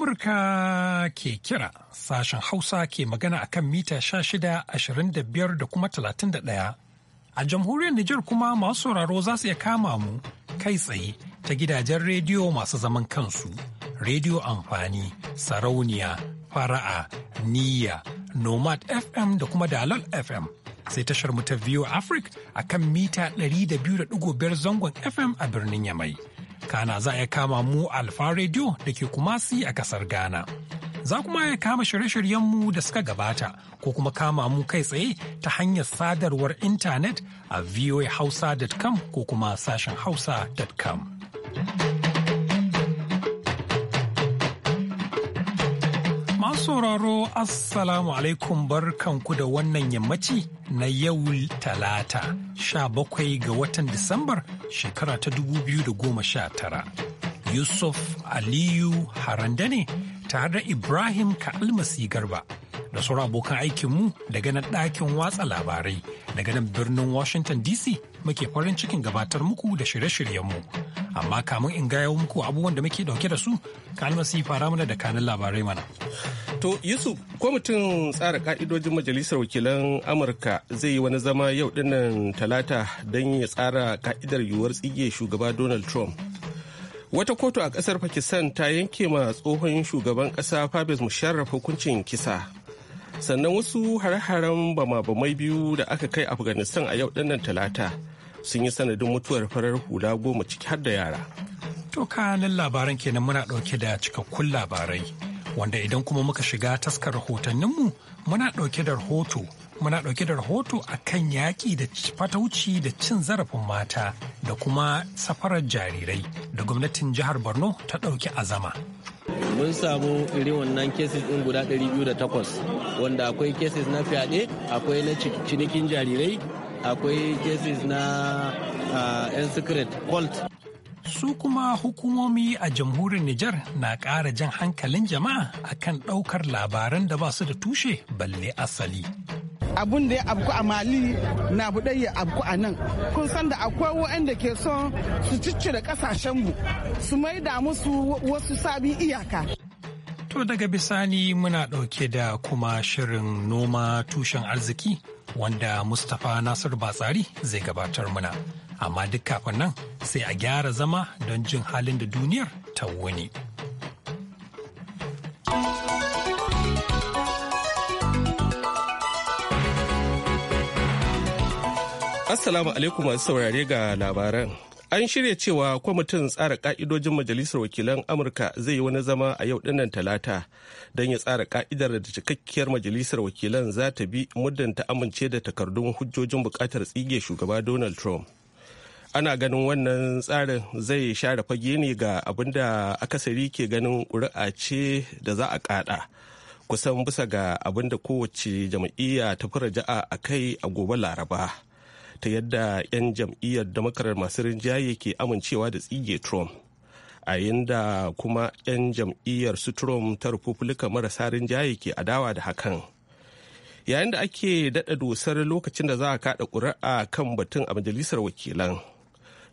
Amurka ke kira sashen Hausa ke magana a kan mita 1625 da kuma 31. A jamhuriyar Nijar kuma masu sauraro za su iya kama mu kai tsaye ta gidajen rediyo masu zaman kansu, rediyo amfani, sarauniya, fara'a, niyya, nomad FM da kuma dalal FM. Sai tashar mu ta View Africa a kan mita 200.5 zangon FM a birnin Yamai. Kana za a kama mu Alfa Radio da ke Kumasi a kasar Ghana. Za kuma ya kama shirye-shiryenmu da suka gabata ko kuma kama mu kai tsaye ta hanyar sadarwar intanet a voahausa.com ko kuma sashen hausa.com. sauraro Assalamu alaikum barkanku da wannan yammaci na yau talata sha bakwai ga watan Disambar shekara ta dubu biyu da goma sha tara. Yusuf Aliyu ne tare da Ibrahim Ka'almasi Garba da sauran abokan aikinmu daga nan ɗakin watsa labarai daga nan birnin Washington DC muke farin cikin gabatar muku da shirye-shiryenmu. Amma kamun in gaya muku abubuwan da muke dauke da su, Ka'almasi fara mana da kanin labarai mana. To Yusuf, kwamitin tsara ka'idojin Majalisar Wakilan Amurka zai yi wani zama yau dinnan talata don ya tsara ka'idar yiwuwar tsige shugaba Donald Trump. Wata kotu a ƙasar Pakistan ta yanke ma tsohon shugaban ƙasa Fabes Musharraf hukuncin kisa. Sannan wasu har haren bama-bamai biyu da aka kai Afghanistan a yau dinnan talata sun yi sanadin mutuwar farar hula goma ciki har da yara. To kanin labaran kenan muna ɗauke da cikakkun labarai. wanda idan kuma muka shiga taskar rahotanninmu muna ɗauke da rahoto muna ɗauke da rahoto a kan yaƙi da fatauci da cin zarafin mata da kuma safarar jarirai da gwamnatin jihar borno ta ɗauki azama mun samu irin wannan cases ɗin guda 208 wanda akwai cases na fyaɗe akwai na cinikin jarirai akwai cases na ah, 'yan secret cult su kuma hukumomi a Jamhurin Nijar na ƙara jan hankalin jama'a akan ɗaukar labaran da ba su da tushe balle asali. abun da ya abku a mali na buɗe ya abku a nan kun san da akwai waɗanda ke son su cicci ƙasashen ƙasashenmu su mai da musu wasu sabin iyaka to daga bisani muna ɗauke da kuma shirin noma tushen arziki wanda mustapha nasiru batsari zai gabatar muna amma duk kafin nan sai a gyara zama don jin halin da duniyar ta wuni. Assalamu alaikum masu saurare ga labaran. An shirya cewa kwamitin tsara ka'idojin Majalisar Wakilan Amurka zai yi wani zama a yau dinnan Talata don ya tsara ka'idar da cikakkiyar Majalisar Wakilan za ta bi muddin ta amince da takardun hujjojin bukatar tsige shugaba Donald Trump. ana ganin wannan tsarin zai share fage ne ga abin da akasari ke ganin ƙuri'a ce da za a kada kusan bisa ga abin da kowace jam'iyya ta fara raja'a a kai a gobe laraba ta yadda 'yan jam'iyyar damakarar masu rinjaye ke amincewa da tsige trump a yadda kuma 'yan jam'iyyar su trump ta republika marasa rinjaye ke adawa da hakan yayin da ake daɗa dosar lokacin da za a kaɗa ƙuri'a kan batun a majalisar wakilan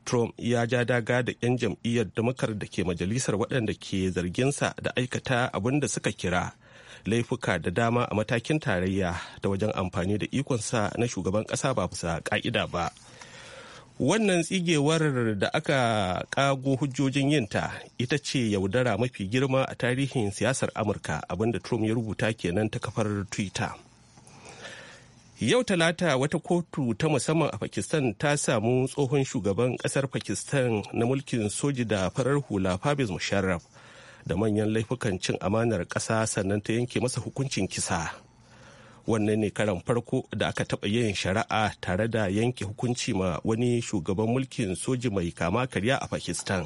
Trump ya ja daga da 'yan jam'iyyar damakar da ke majalisar waɗanda ke zarginsa da aikata abin da suka kira laifuka da dama a matakin tarayya da wajen amfani da ikonsa na shugaban ƙasa ba bisa ƙa'ida ba. Wannan tsigewar da aka ƙago hujjojin yinta ita ce yaudara mafi girma a tarihin siyasar Amurka abinda Trump ya rubuta kenan ta kafar Twitter. Yau Talata wata kotu ta musamman a Pakistan ta samu tsohon shugaban kasar Pakistan na mulkin soji da farar hula Fabis Musharraf da manyan laifukan cin amanar ƙasa sannan ta yanke masa hukuncin kisa. Wannan ne karan farko da aka taba yin shari'a tare da yanke hukunci ma wani shugaban mulkin soji mai kama karya a Pakistan.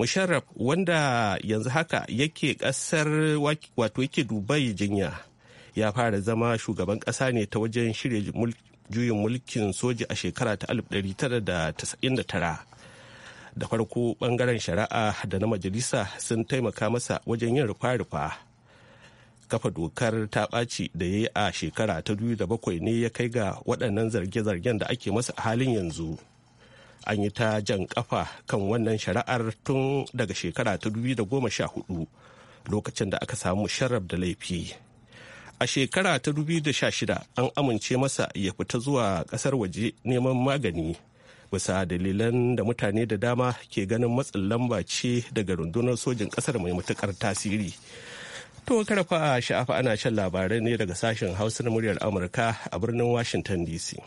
Musharraf wanda yanzu haka yake ƙasar wato yake Dubai jinya. ya fara zama shugaban ƙasa ne ta wajen shirya juyin mulkin soji a shekara ta 1999 da farko bangaren shari'a da na majalisa sun taimaka masa wajen yin rufa-rufa kafa dokar ta ɓaci da ya yi a shekara ta bakwai ne ya kai ga waɗannan zarge-zargen da ake masa a halin yanzu an yi ta jan ƙafa kan wannan shari'ar tun daga shekara ta hudu lokacin da aka samu sharaf da laifi. a shekara ta 2016 an amince masa ya fita zuwa kasar waje neman magani bisa dalilan da mutane da dama ke ganin matsin lamba ce daga rundunar sojin kasar mai matukar tasiri to karfa sha'afa ana shan labarai ne daga sashen hausa na muryar amurka a birnin washington dc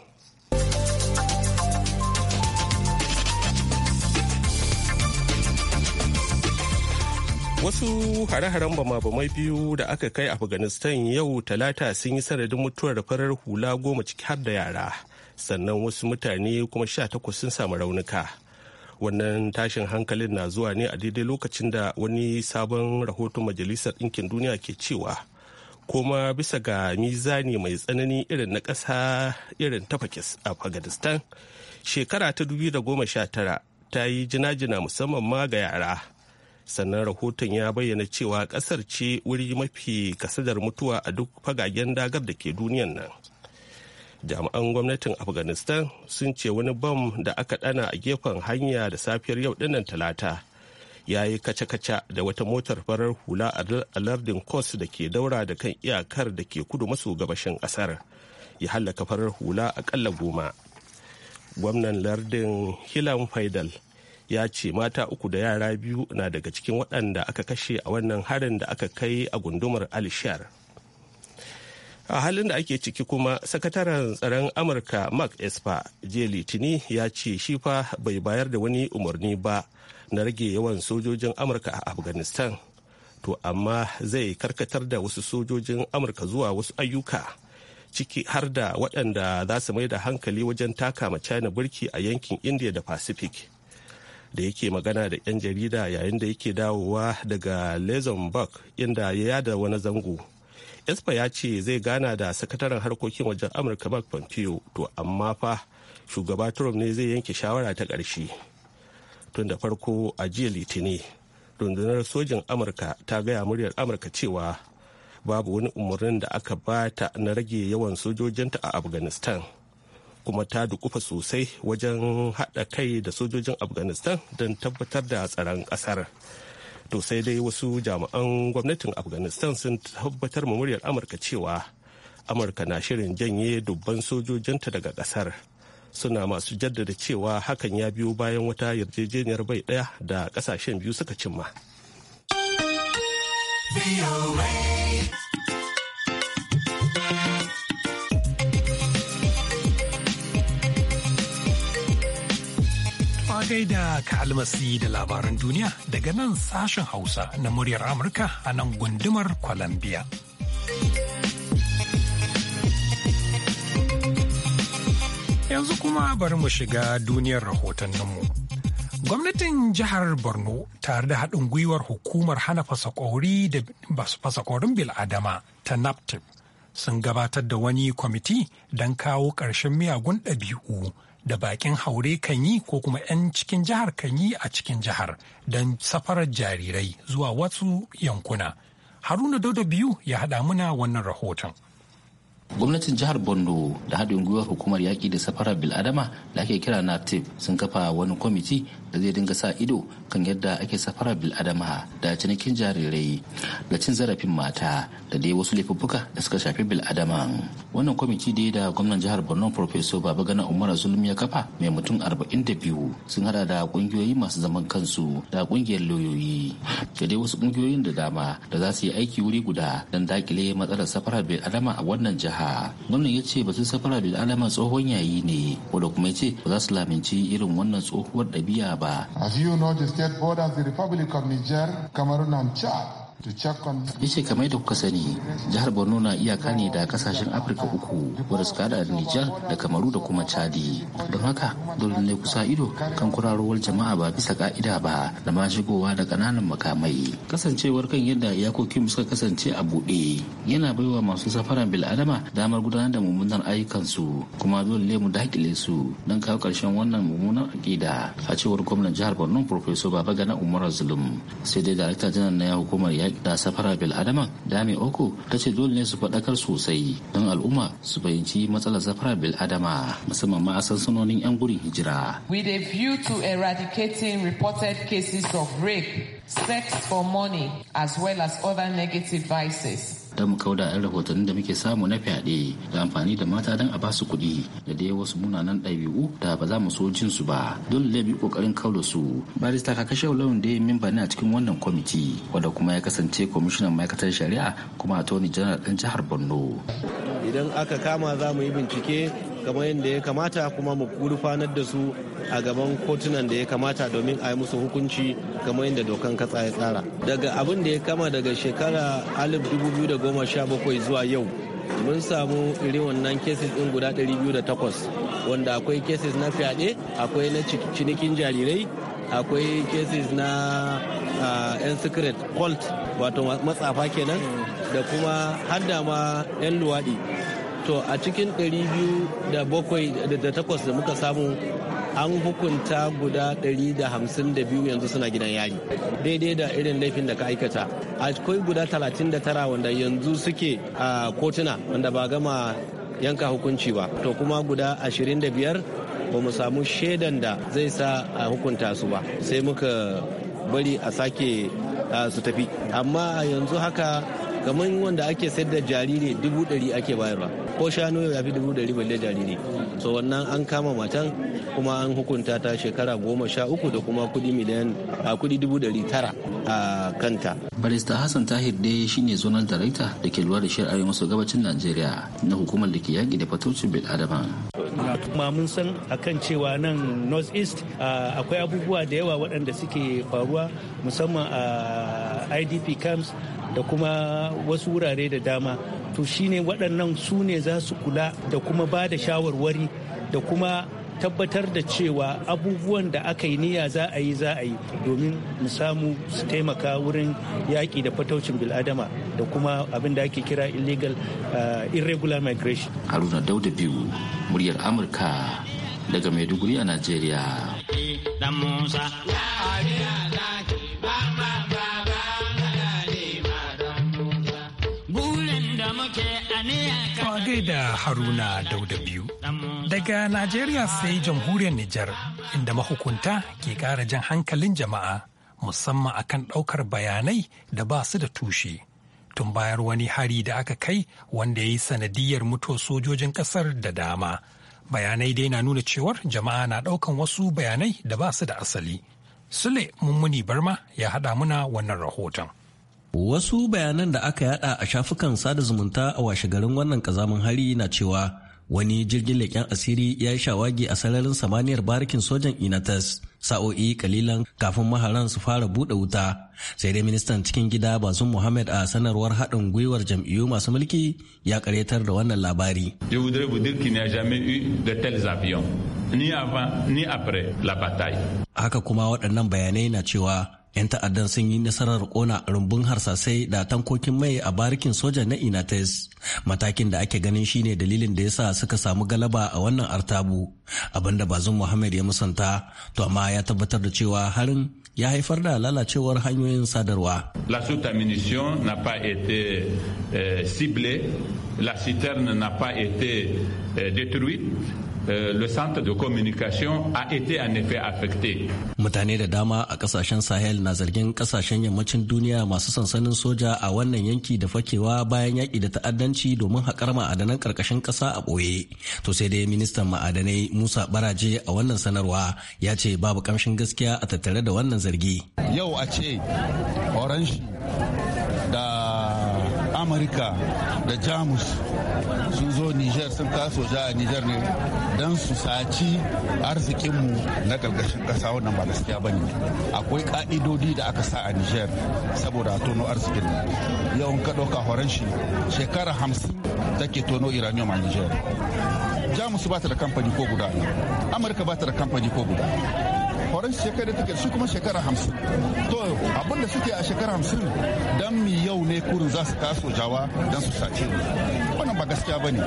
wasu hare-haren bama-bamai biyu da aka kai afghanistan yau talata sun yi sanadin mutuwar farar hula goma ciki har da yara sannan wasu mutane kuma sha takwas sun samu raunuka wannan tashin hankalin na zuwa ne a daidai lokacin da wani sabon rahoton majalisar ɗinkin duniya ke cewa Koma bisa ga mizani mai tsanani irin na ƙasa irin ta afghanistan shekara ta 2019 ta yi jina-jina musamman ma ga yara sannan rahoton ya bayyana cewa kasar ce wuri mafi kasadar mutuwa a duk fagagen dagar da ke duniyan nan jami'an gwamnatin afghanistan sun ce wani bam da aka dana a gefen hanya da safiyar yau dinnan talata ya yi kaca-kaca da wata motar farar hula a lardin kos da ke daura da kan iyakar da ke kudu maso gabashin kasar ya hallaka farar hula a ƙalla goma gwamnan lardin hilan faidal ya ce mata uku da yara biyu na daga cikin waɗanda aka kashe a wannan harin da aka kai a gundumar alishar a halin da ake ciki kuma sakataren tsaron amurka mark esper jiya litini ya ce shi fa bai bayar da wani umarni ba na rage yawan sojojin amurka a afghanistan to amma zai karkatar da wasu sojojin amurka zuwa wasu ayyuka ciki har da waɗanda za su mai da hankali wajen taka mace china birki a yankin india da pacific da yake magana da 'yan jarida yayin da yake dawowa daga luxembourg inda ya yada wani zango espa ya ce zai gana da sakataren harkokin wajen amurka mark pompeo to amma fa shugaba trump ne zai yanke shawara ta ƙarshe tun da farko a jiya litini rundunar sojin amurka ta gaya muryar amurka cewa babu wani umarnin da aka bata na rage yawan sojojinta a afghanistan kuma ta dukufa sosai wajen haɗa kai da sojojin afghanistan don tabbatar da tsaron ƙasar to sai dai wasu jami'an gwamnatin afghanistan sun tabbatar ma muryar amurka cewa amurka na shirin janye dubban sojojinta daga ƙasar suna masu jaddada cewa hakan ya biyo bayan wata yarjejeniyar bai ɗaya da ƙasashen biyu suka cimma. gaida ka almasi da labaran duniya daga nan sashen Hausa na muryar Amurka a nan gundumar kwalambiya. Yanzu kuma bari mu shiga duniyar rahotanninmu. Gwamnatin jihar Borno tare da haɗin gwiwar hukumar hana fasakori da fasakorin bil'adama ta NAPTIP sun gabatar da wani kwamiti don kawo ƙarshen miyagun ɗabi'u. da bakin haure kan yi ko kuma 'yan cikin jihar kan yi a cikin jihar don safarar jarirai zuwa wasu yankuna. Haruna Dauda biyu ya haɗa muna wannan rahoton. gwamnatin jihar bondo da haɗin gwiwar hukumar yaƙi da safarar biladama da ake kira naptip sun kafa wani kwamiti da zai dinga sa ido kan yadda ake safara biladama da cinikin jarirai da cin zarafin mata da dai wasu laifuffuka da suka shafi biladama wannan kwamiti da da gwamnan jihar borno professor gana umar zulum ya kafa mai mutum arba'in da biyu sun hada da kungiyoyi masu zaman kansu da kungiyar lauyoyi da dai wasu kungiyoyin da dama da za su yi aiki wuri guda don dakile matsalar safarar biladama a wannan jihar jiha gwamnan ya ce su safara bil alama tsohon yayi ne wanda kuma ya ce ba za su laminci irin wannan tsohuwar ɗabi'a ba as you know the state borders the republic of niger cameroon and chad yace kamar da kuka sani jihar borno na iyaka ne da kasashen afirka uku wadda suka da nijar da kamaru da kuma chadi don haka dole ne kusa ido kan kurarowar jama'a ba bisa ka'ida ba da ma shigowa da ƙananan makamai kasancewar kan yadda iyakokin suka kasance a buɗe yana baiwa masu safaran bil'adama damar gudanar da mummunan ayyukansu kuma dole ne mu dakile su don kawo ƙarshen wannan mummunan aƙida a cewar gwamnan jihar borno professor babagana umar zulum sai dai darakta janar na hukumar ya da safara bil adama dami oko ta ce dole ne su faɗakar sosai don al'umma su fahimci matsalar safara bil'adama. adama musamman ma a sansanonin 'yan gurin hijira. With a view to eradicating reported cases of rape, sex for money, as well as other negative vices. da mu kauda yan rahotannin da muke samu na fyaɗe da amfani da mata don a ba su kuɗi da dai wasu munanan ɗabi'u da ba za mu so jin su ba don ne bi kokarin kaula su barista kakashe lawan da mimba ne a cikin wannan kwamiti wanda kuma ya kasance kwamishinan ma'aikatar shari'a kuma tony general ɗin jihar borno idan aka kama za mu yi bincike kamar yadda ya kamata kuma mu gurfanar da su a gaban kotunan da ya kamata domin a yi musu hukunci kamar yadda dokan katsa ya tsara daga abin da ya kama daga shekara 2017 zuwa yau mun samu irin wannan cases din guda 208 wanda akwai cases na fyaɗe akwai na cinikin jarirai akwai cases na yan secret cult wato matsafa kenan da kuma hadda ma yan luwaɗi to a cikin 208 da muka samu an hukunta guda 152 yanzu suna gidan yari daidai da irin laifin da ka aikata akwai guda 39 wanda yanzu suke a kotuna wanda ba gama yanka hukunci ba to kuma guda 25 ba mu samu shaidan da zai sa a hukunta su ba sai muka bari a sake su tafi amma yanzu haka kamar wanda ake sayar da jariri dubu ɗari ake bayarwa ko shanu ya fi dubu ɗari balle jariri so wannan an kama matan kuma an hukunta ta shekara goma sha uku da kuma kudi miliyan a kudi dubu ɗari tara a kanta. barista hassan tahir dai shine zonal darakta da ke lura da shari'ar arewa maso gabacin najeriya na hukumar da ke yaƙi da fatocin bil adama. kuma mun san akan cewa nan north east akwai abubuwa da yawa waɗanda suke faruwa musamman a idp camps da kuma wasu wurare da dama to shine waɗannan su ne za su kula da kuma ba da shawarwari da kuma tabbatar da cewa abubuwan da aka yi niyya za a yi za a yi domin mu samu su taimaka wurin yaƙi da fataucin biladama da kuma abin da ake kira illegal eh, irregular migration. haruna dauda biyu muryar amurka daga maiduguri a nigeria. da Haruna Dauda biyu. Daga Najeriya sai jamhuriyar Nijar, inda mahukunta ke ƙara jan hankalin jama'a musamman akan ɗaukar bayanai da ba su da tushe. Tun bayar wani hari da aka kai wanda ya yi sanadiyar mutuwar sojojin ƙasar da dama. Bayanai dai na nuna cewar jama'a na ɗaukan wasu bayanai da ba su da asali. Sule Mummuni Barma ya haɗa muna wannan rahoton. Wasu bayanan da aka yada a shafukan sada zumunta a washe garin wannan kazamin hari na cewa wani jirgin leƙen asiri ya yi shawagi a sararin samaniyar barikin sojan inatas sa'o'i kalilan kafin maharan su fara buɗe wuta sai dai ministan cikin gida bazum muhammad a sanarwar haɗin gwiwar jam'iyyu masu mulki ya karyatar da wannan labari haka kuma waɗannan bayanai na cewa 'yan ta'addan sun yi nasarar kona rumbun harsasai da tankokin mai a barikin soja na inates matakin da ake ganin shine dalilin da ya sa suka samu galaba a wannan artabu abinda bazin muhammad ya musanta to amma ya tabbatar da cewa harin ya haifar da lalacewar hanyoyin sadarwa. La à munitions n'a pas été euh, la citerne n'a pas été euh, Euh, le centre de communication a été en effet affecté. Mutane da dama a kasashen Sahel na zargin kasashen yammacin duniya masu sansanin soja a wannan yanki da fakewa bayan yaƙi da ta'addanci domin haƙar ma'adanan ƙarƙashin ƙasa a ɓoye. To sai dai ministan ma'adanai Musa Baraje a wannan sanarwa ya ce babu ƙamshin gaskiya a tattare da wannan zargi. Yau a ce Orange da Amurka da jamus sun zo niger sun kaso ja a niger ne don su saci arzikinmu na ƙarƙashin ƙasa wannan ba gaskiya ba ne akwai ƙa'idodi da aka sa a niger saboda tono arzikin yawan ka horon shi shekara hamsin take tono iranium a niger jamus ba ta da kamfani ko guda amurka ba ta da kamfani ko guda horon shekara take shi kuma shekara hamsin to abin da suke a shekara hamsin dan mi yau ne kurin za su taso jawa dan su sace mu wannan ba gaskiya ba ne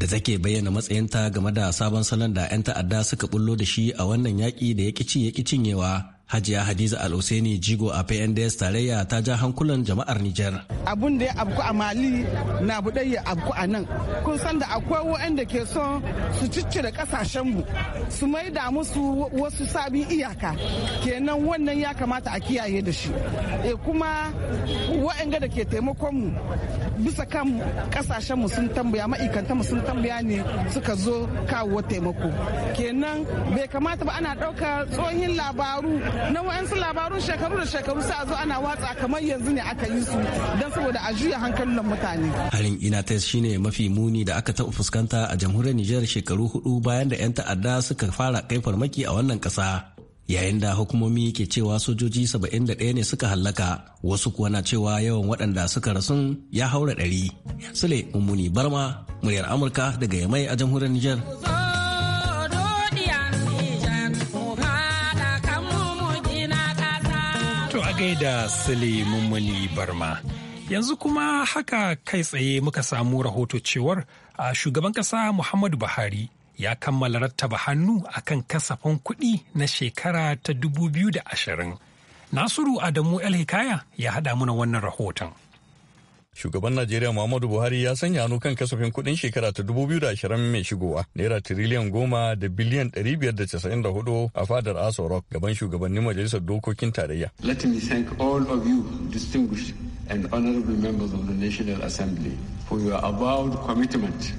da take bayyana matsayinta game da sabon salon da 'yan ta'adda suka bullo da shi a wannan yaki da ya ƙici ya cinyewa Hajiya Hadiza Al-Husseini Jigo a PNDS tarayya ta ja hankulan jama'ar Nijar. Abun da ya abku a Mali na budai ya abku a nan. Kun san da akwai waɗanda ke son su cicci da kasashenmu su mai da musu wasu sabin iyaka. Kenan wannan ya kamata a kiyaye da shi. E kuma waɗanda da ke taimakonmu bisa kan kasashenmu sun tambaya mu sun tambaya ne suka zo kawo taimako. Kenan bai kamata ba ana ɗaukar tsohin labaru na wa'ansu labarun shekaru da shekaru sai a zo ana watsa kamar yanzu ne aka yi su don saboda a juya hankalin mutane. Harin ta shine mafi muni da aka taɓa fuskanta a jamhuriyar Nijar shekaru hudu bayan da 'yan ta'adda suka fara kai farmaki a wannan ƙasa. yayin da hukumomi ke cewa sojoji 71 ne suka hallaka wasu kuwa na cewa yawan waɗanda suka rasu ya haura ɗari. Sule Mummuni Barma, muryar Amurka daga Yamai a jamhuriyar Nijar. gaida Sule Mummuli Barma. Yanzu kuma haka kai tsaye muka samu rahoto cewar a shugaban ƙasa Muhammadu Buhari ya kammala rattaba hannu a kan kasafin kuɗi na shekara ta 2020. Nasiru Adamu El Hikaya ya haɗa muna wannan rahoton. shugaban najeriya muhammadu buhari ya sanya hannu kan kasafin kuɗin shekara ta 2020 mai shigowa naira tiriliyan goma da biliyan 594 a fadar aso rock gaban shugabannin majalisar dokokin tarayya let me thank all of you distinguished and honorable members of the national assembly for your avowed commitment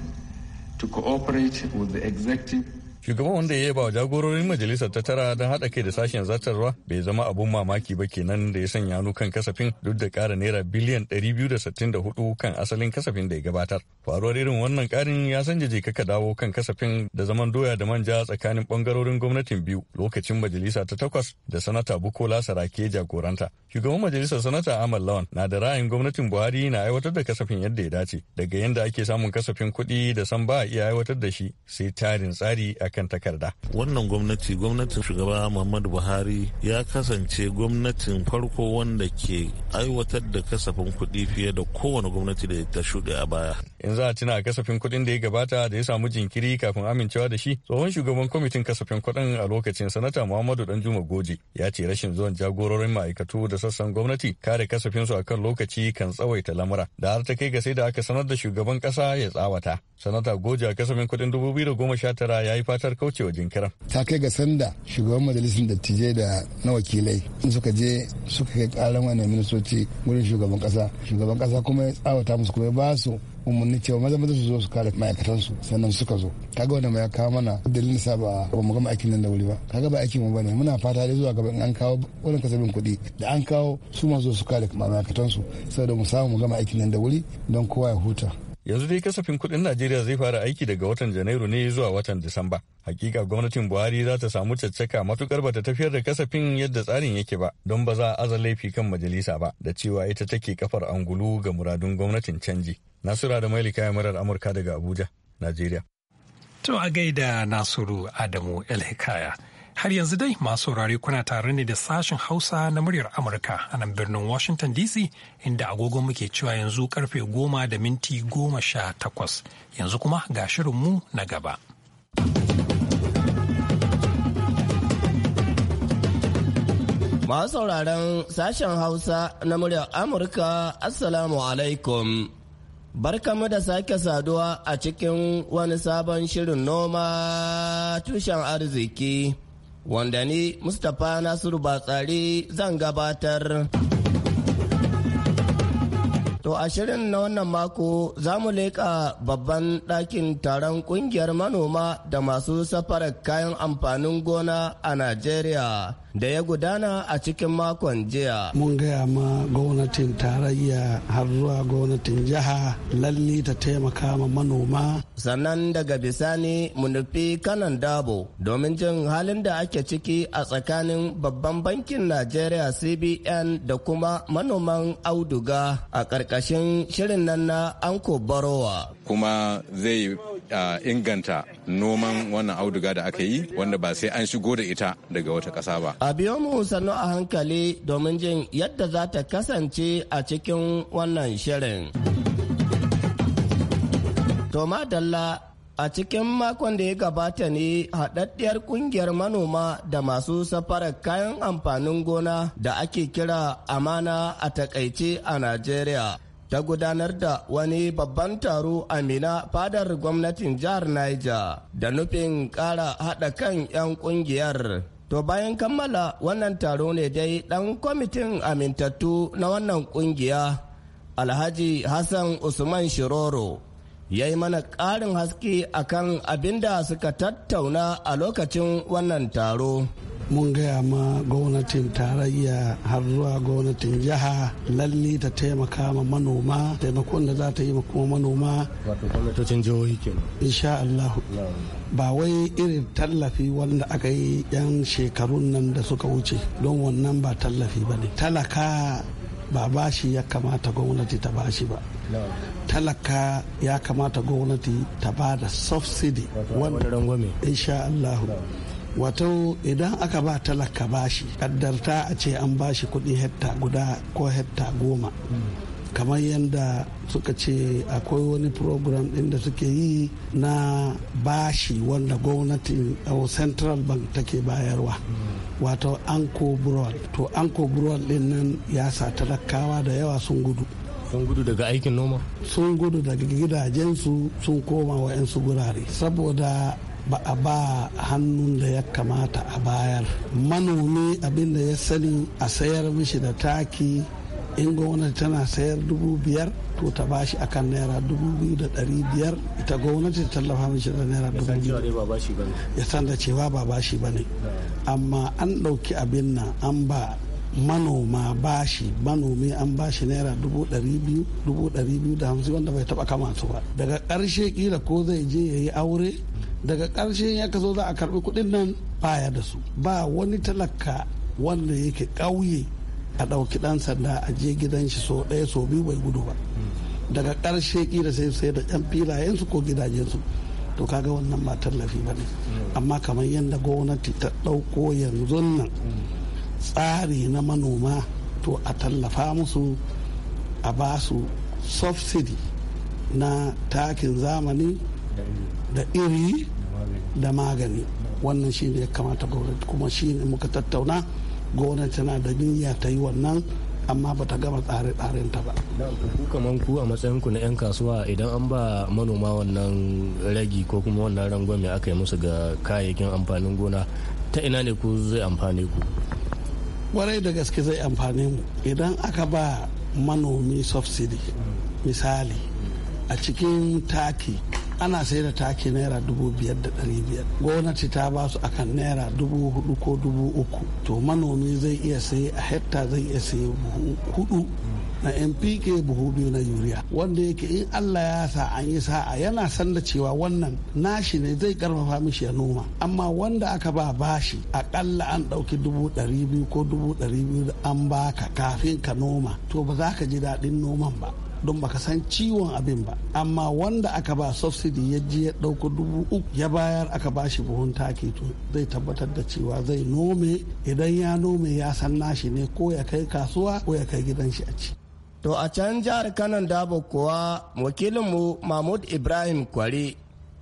to cooperate with the executive Shugaban wanda ya yaba wa jagororin majalisa ta tara don haɗa kai da sashen zartarwa bai zama abun mamaki ba kenan da ya sanya hannu kan kasafin duk da ƙara naira biliyan biyu da sittin 264 kan asalin kasafin da ya gabatar. Faruwar irin wannan ƙarin ya sanya je kaka dawo kan kasafin da zaman doya da manja tsakanin ɓangarorin gwamnatin biyu lokacin majalisa ta takwas da sanata Bukola Sarake jagoranta. Shugaban majalisar sanata ahmad Lawan na da ra'ayin gwamnatin Buhari na aiwatar da kasafin yadda ya dace daga yadda ake samun kasafin kuɗi da san ba a iya aiwatar da shi sai tarin tsari a akan takarda. Wannan gwamnati gwamnatin shugaba Muhammadu Buhari ya kasance gwamnatin farko wanda ke aiwatar da kasafin kuɗi fiye da kowane gwamnati da ta shuɗe a baya. In za a tuna kasafin kuɗin da ya gabata da ya samu jinkiri kafin amincewa da shi tsohon shugaban kwamitin kasafin kuɗin a lokacin sanata Muhammadu Danjuma Goje ya ce rashin zuwan jagororin ma'aikatu da sassan gwamnati kare kasafinsu a kan lokaci kan tsawaita lamura da har ta kai ga sai da aka sanar da shugaban ƙasa ya tsawata. Sanata Goje a kasafin kuɗin dubu biyu da goma sha tara ya yi fatar kaucewa jinkiran. Ta kai ga sanda shugaban majalisar dattijai da na wakilai in suka je suka kai karan wannan minisoci wurin shugaban kasa. Shugaban kasa kuma ya tsawata musu kuma ya ba su umarni cewa maza maza su zo su kare ma'aikatansu sannan suka zo kaga wanda ma ya kawo mana dalilin sa ba ba mu gama aikin nan da wuri ba kaga ba aikin mu bane muna fata dai zuwa gaba in an kawo wannan kasabin kuɗi da an kawo su ma zo su kare ma'aikatansu saboda mu samu mu gama aikin nan da wuri don kowa ya huta yanzu dai kasafin kuɗin najeriya zai fara aiki daga watan janairu ne zuwa watan disamba hakika gwamnatin buhari za ta samu caccaka matukar bata tafiyar da kasafin yadda tsarin yake ba don ba za a aza laifi kan majalisa ba da cewa ita take kafar angulu ga muradun gwamnatin canji nasura da mailika ya murar amurka daga abuja najeriya to a gaida nasiru adamu el hikaya Har yanzu dai masu saurare kuna tare ne da sashen Hausa na muryar Amurka a nan birnin Washington DC inda agogo muke cewa yanzu karfe goma da minti goma sha takwas. Yanzu kuma ga mu na gaba. Masu sauraron sashen Hausa na muryar Amurka, Assalamu alaikum. Barkamu da sake saduwa a cikin wani sabon shirin noma tushen arziki. wanda ni Mustapha Nasiru Batsari zan gabatar. To a shirin na wannan mako za mu leƙa babban ɗakin taron ƙungiyar manoma da masu safarar kayan amfanin gona a Najeriya. da ya gudana a cikin makon jiya. Mun gaya ma gwamnatin tarayya har zuwa gwamnatin jiha lalli ta taimaka ma manoma. Sannan daga bisani mu nufi kanan dabo domin jin halin da ake ciki a tsakanin babban bankin Najeriya CBN da kuma manoman auduga a ƙarƙashin shirin nan na Anko Barowa. Kuma zai uh, inganta noman wannan auduga da aka yi wanda ba sai an shigo da ita daga wata ƙasa ba. A biyo mu sannu a hankali domin jin yadda za ta kasance a cikin wannan shirin. Toma Dalla a cikin makon da ya gabata ne haɗaɗɗiyar ƙungiyar manoma da masu safarar kayan amfanin gona da ake kira amana a takaice a Najeriya. ta gudanar da wani babban taro a Mina fadar gwamnatin jihar Niger da nufin ƙara haɗa kan 'yan ƙungiyar. To bayan kammala wannan taro ne dai ɗan kwamitin amintattu na wannan ƙungiya Alhaji Hassan Usman Shiroro ya yi mana ƙarin haske akan abin da suka tattauna a lokacin wannan taro. mun gaya ma gwamnatin tarayya har zuwa gwamnatin jiha lalle ta taimaka ma manoma taimakon da za ta yi ma kuma manoma insha Allah ba wai irin tallafi wanda aka yi yan shekarun nan da suka wuce don wannan ba tallafi ba ne talaka ba bashi ya kamata gwamnati ta bashi ba talaka ya kamata gwamnati ta ba da subsidy wanda insha Allah wato idan aka ba talaka bashi kaddarta a ce an bashi kuɗi hekta guda ko hekta goma kamar yadda suka ce akwai wani program ɗin da suke yi na bashi wanda gwamnati uh, central bank take bayarwa wato anko broad to anko broad ɗin nan ya sa talakawa da yawa sun gudu sun gudu daga aikin noma sun gudu daga gidajensu sun koma wa gurare saboda ba a ba hannun da ya kamata a bayar manomi abin da ya sani a sayar mishi da taki in gwamnati tana sayar dubu biyar to ta bashi akan naira dubu biyu da ɗari biyar ita gwamnati ta tallafa mishi da naira dubu biyu ya san da cewa ba bashi ba ne amma an ɗauki abin nan an ba manoma bashi manomi an bashi naira dubu ɗari biyu dubu ɗari biyu da hamsin wanda bai taɓa kama su ba daga ƙarshe kila ko zai je ya yi aure daga ƙarshe ya ka zo za a karɓi kuɗin nan baya da su ba wani talaka wanda yake ƙauye a ɗauki ɗan sanda a je gidan shi so ɗaya so biyu bai gudu ba daga karshe ƙila sai sai da ƴan filayensu ko gidajensu to kaga wannan ba tallafi ba ne amma kamar yadda gwamnati ta ɗauko yanzu nan tsari na manoma to a tallafa musu a ba su subsidy na takin zamani da iri da magani wannan shi ne ya kamata gwamnati kuma shi ne muka tattauna gwamnati tana da niyya ta yi wannan amma ba ta gama tsare-tsaren ta ba. ku kaman ku a matsayin ku na 'yan kasuwa idan an ba manoma wannan ragi ko kuma wannan rangwame aka yi musu ga kayayyakin amfanin gona ta ina ne ku zai amfane ku. kwarai da gaske zai amfane mu idan aka ba manomi subsidy misali a cikin taki ana sai da taki naira dubu biyar da ɗari biyar gwamnati ta ba su akan naira dubu hudu ko dubu uku to manomi zai iya sayi a hekta zai iya sayi buhu hudu na npk buhu biyu na yuriya wanda yake in allah ya sa an yi sa'a yana san da cewa wannan nashi ne zai karfafa mishi ya noma amma wanda aka ba bashi akalla an ɗauki dubu ɗari biyu ko dubu ɗari biyu an baka kafin ka noma to ba za ka ji daɗin noman ba don baka san ciwon abin ba amma wanda aka ba subsidy ya je ya dauko dubu uku ya bayar aka ba shi buhun taki to zai tabbatar da cewa zai nome idan ya nome ya san nashi ne ko ya kai kasuwa ko ya kai gidan shi a ci To a can jihar Kanon Dabo kuwa wakilinmu Mahmud Ibrahim Kwari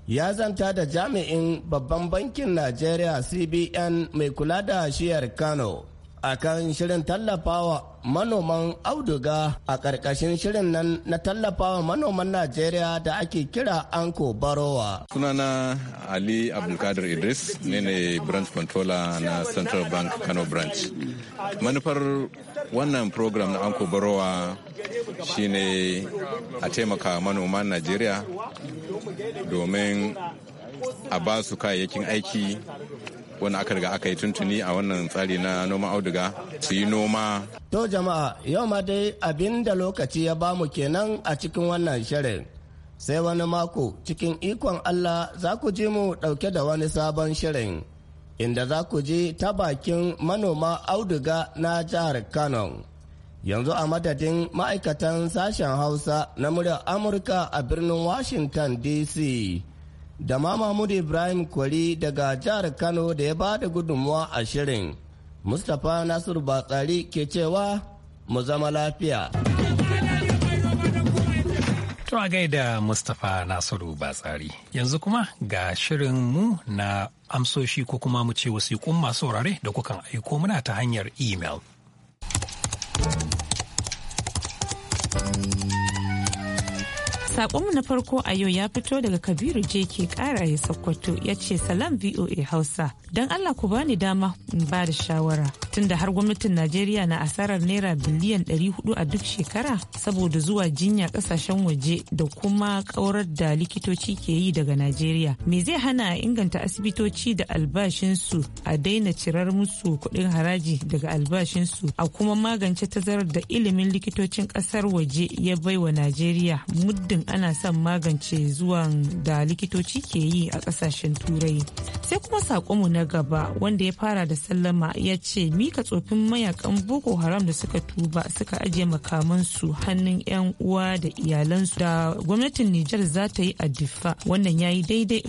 ya zanta da jami'in babban bankin Najeriya CBN mai kula da shiyar Kano akan shirin tallafawa manoman auduga a ƙarƙashin shirin nan na tallafawa manoman Najeriya da ake kira Anko Barowa. Sunana Ali Abdulkadir Idris ne ne branch controller na Central Bank Kano branch. Manufar wannan program na Anko Barowa shine a taimaka manoman Najeriya domin a ba su kayayyakin aiki wani aka riga aka yi tuntuni a wannan tsari na noman auduga su yi noma. To jama'a yau ma dai abin da lokaci ya bamu kenan a cikin wannan shirin. Sai wani mako cikin ikon Allah za ku ji mu ɗauke da wani sabon shirin. Inda za ku ji ta bakin manoma auduga na jihar Kano. Yanzu a madadin ma'aikatan sashen Hausa na muryar Amurka a birnin Washington DC. da ma Mahmud Ibrahim Kwari daga jihar Kano da ya ba da gudunmuwa a shirin. Mustapha Nasiru Batsari ke cewa mu zama lafiya. To a gaida Mustapha Nasiru Batsari yanzu kuma ga shirin mu na amsoshi ko kuma mu ce wasiƙun masu wurare da kukan aiko muna ta hanyar email. Sakonmu na farko a yau ya fito daga Kabiru JK karaye Sokoto ya ce salam VOA Hausa. Don Allah ku bani dama in ba da shawara. Tunda har gwamnatin Najeriya na asarar naira biliyan 400 a duk shekara saboda zuwa jinya kasashen waje da kuma kaurar da likitoci ke yi daga Najeriya. Me zai hana inganta asibitoci da albashinsu a daina cirar musu kuɗin haraji daga albashinsu a kuma magance tazarar da ilimin likitocin ƙasar waje ya baiwa Najeriya muddin ana son magance zuwan da likitoci ke yi a kasashen turai sai kuma sakonmu na gaba wanda ya fara da sallama ya ce mika tsofin mayakan boko haram da suka tuba suka ajiye makamansu hannun 'yan uwa da iyalansu da gwamnatin nijar za ta yi a diffa wannan ya yi daidai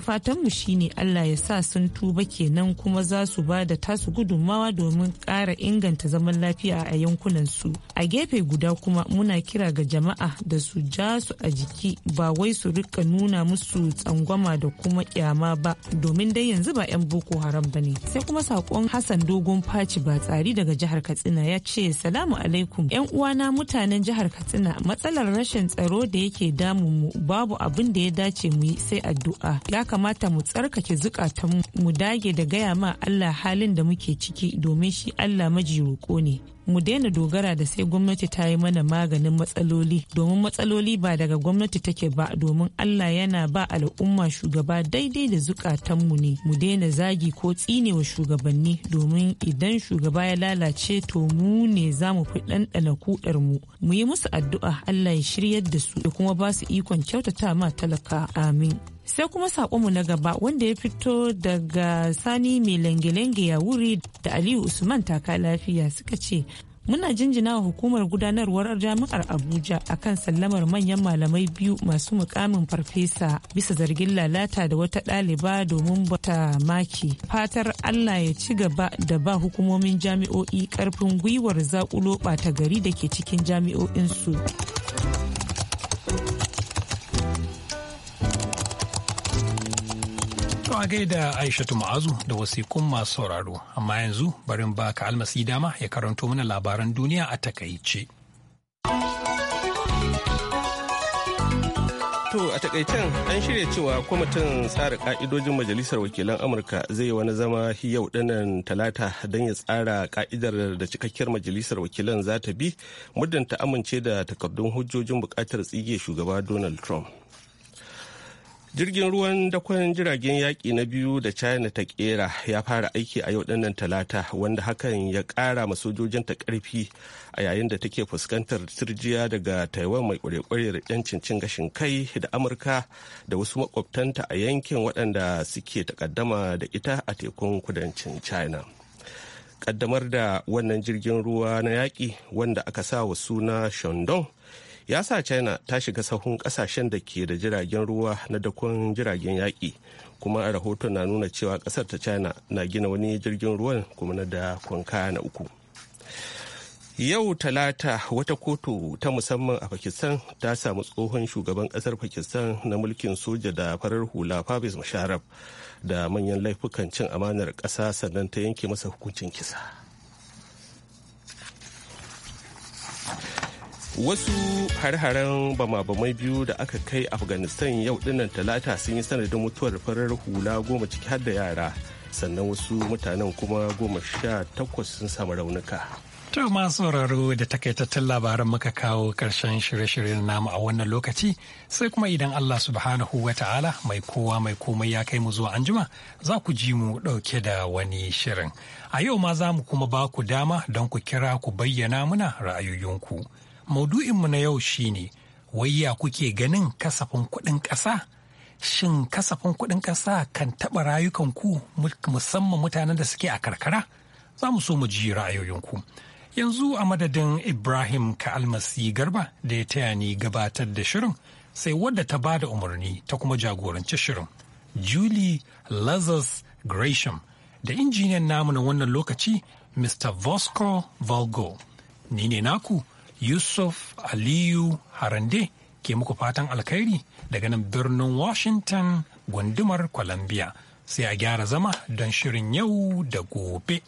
mu shine allah ya sa sun tuba kenan kuma za su ba da tasu gudummawa domin ƙara inganta zaman lafiya a yankunansu a gefe guda kuma muna kira ga jama'a da su ja su a jiki ba wai su rika nuna musu tsangwama da kuma kyama ba domin dai yanzu ba 'yan boko haram ba ne sai kuma sakon hassan dogon faci ba tsari daga jihar katsina ya ce salamu alaikum 'yan uwana mutanen jihar katsina matsalar rashin tsaro da yake damu mu babu abin da ya dace mu yi sai addu'a ya kamata mu tsarkake zukatan mu dage da gaya ma Allah halin da muke ciki domin shi Allah maji roƙo ne mu daina dogara da sai gwamnati ta yi mana maganin matsaloli domin matsaloli ba daga gwamnati take ba domin Allah yana ba al'umma shugaba daidai da zukatanmu ne mu daina zagi ko tsinewa shugabanni domin idan shugaba ya lalace to mu ne za mu fi ɗanɗana kudar mu mu yi musu addu'a Allah ya shiryar da su da kuma ba su ikon kyautata ma talaka amin sai kuma mu na gaba wanda ya fito daga sani mai lange-lange ya wuri da aliyu usman taka lafiya suka ce muna jinjina wa hukumar gudanarwar jami'ar abuja akan sallamar manyan malamai biyu masu mukamin farfesa bisa zargin lalata da wata ɗaliba domin bata maki fatar allah ya ci gaba da ba hukumomin jami'o'i ƙarfin gwiwar zaƙuloɓa ɓata gari da ke cikin jami'o'insu a gaida Aishatu Ma'azu da wasikun masu sauraro, amma yanzu barin ba ka almasi dama ya karanto mana labaran duniya a takaice. To a takaicen an shirya cewa kwamitin tsara ka'idojin majalisar wakilan Amurka zai wani zama yau ɗanan talata don ya tsara ka'idar da cikakkiyar majalisar wakilan za ta bi muddin ta amince da takardun hujjojin buƙatar tsige shugaba Donald Trump. jirgin ruwan dakon jiragen yaƙi na biyu da china ta kera ya fara aiki a yau dinnan talata wanda hakan ya ƙara ma sojojin ta ƙarfi a yayin da take fuskantar sirjiya daga taiwan mai ƙwarƙwarar yancin cin gashin kai da amurka da wasu makwabtanta a yankin waɗanda suke takaddama da ita a tekun kudancin china kaddamar da wannan jirgin ruwa na yaƙi wanda aka sa wa suna shandong ya sa china ta shiga sahun kasashen da ke da jiragen ruwa na dakon jiragen yaƙi kuma a rahoton na nuna cewa ƙasar ta china na gina wani jirgin ruwan kuma na da kwanka na uku yau talata wata kotu ta musamman a pakistan ta samu tsohon shugaban kasar pakistan na mulkin soja da farar hula fabis musharraf da manyan laifukan cin amanar ƙasa sannan ta yanke masa hukuncin kisa wasu har-haren bama-bamai biyu da aka kai afghanistan yau dinnan talata sun yi sanadin mutuwar farar hula goma ciki har da yara sannan wasu mutanen kuma goma sha takwas sun samu raunuka to masu sauraro da takaitattun labaran muka kawo karshen shirye-shiryen namu a wannan lokaci sai kuma idan allah subhanahu wa ta'ala mai kowa mai komai ya kai mu zuwa anjima za ku ji mu dauke da wani shirin a yau ma za mu kuma ba ku dama don ku kira ku bayyana muna ra'ayoyinku. maudu'inmu na yau shine wayya kuke ganin kasafin kuɗin ƙasa? Shin kasafin kuɗin ƙasa kan taɓa rayukanku musamman mutanen da suke a karkara? Za mu so mu ji ra'ayoyinku. Yanzu a madadin Ibrahim ka Almasi Garba da ya taya ni gabatar da shirin sai wadda ta ba da umarni ta kuma jagoranci shirin. Julie Lazarus Gresham da injiniyan namu na wannan lokaci Mr. Vosco Volgo. Ni ne naku? Yusuf Aliyu Harande ke muku fatan alkhairi daga nan birnin Washington gundumar Columbia. Sai a gyara zama don shirin yau da gobe.